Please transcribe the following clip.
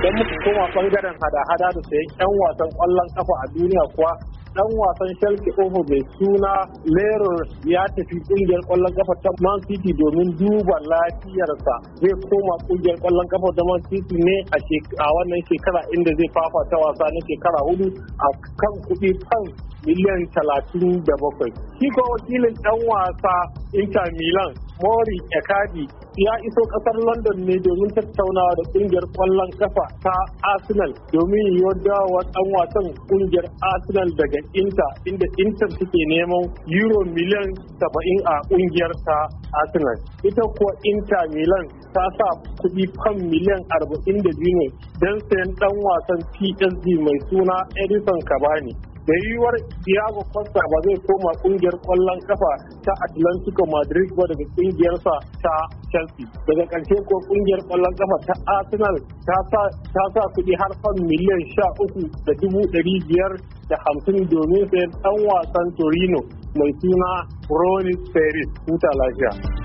Idan muka koma bangaren hada-hada da sayan 'yan wasan kwallon kafa a duniya kuwa dan wasan shelke ofo mai suna Leroy ya tafi kungiyar kwallon kafa ta Man City domin duba lafiyarsa zai koma kungiyar kwallon kafa ta Man City ne a wannan shekara inda zai ta wasa na shekara hudu a kan kuɗi kan miliyan talatin da bakwai. Shi ko wakilin dan wasa Inter Milan, Mori Ekadi ya iso kasar London ne domin tattaunawa da kungiyar kwallon kafa ta Arsenal domin yiwuwar dawowa dan wasan kungiyar Arsenal daga Inter inda Inter suke neman euro miliyan 70 a kungiyar ta Arsenal. Ita kuwa Inter Milan ta sa kuɗi kan miliyan 42 ne don sayan dan wasan PSG mai suna Edison Cavani. da yiwuwar Thiago Costa ba zai koma kungiyar kwallon kafa ta Atlantico Madrid ba daga kungiyarsa ta Chelsea. Daga ƙarshe ko kungiyar kwallon kafa ta Arsenal ta sa kuɗi har fan miliyan sha uku da dubu ɗari biyar da hamsin domin sayan ɗan wasan Torino mai suna Ronnie Ferris. Huta lafiya.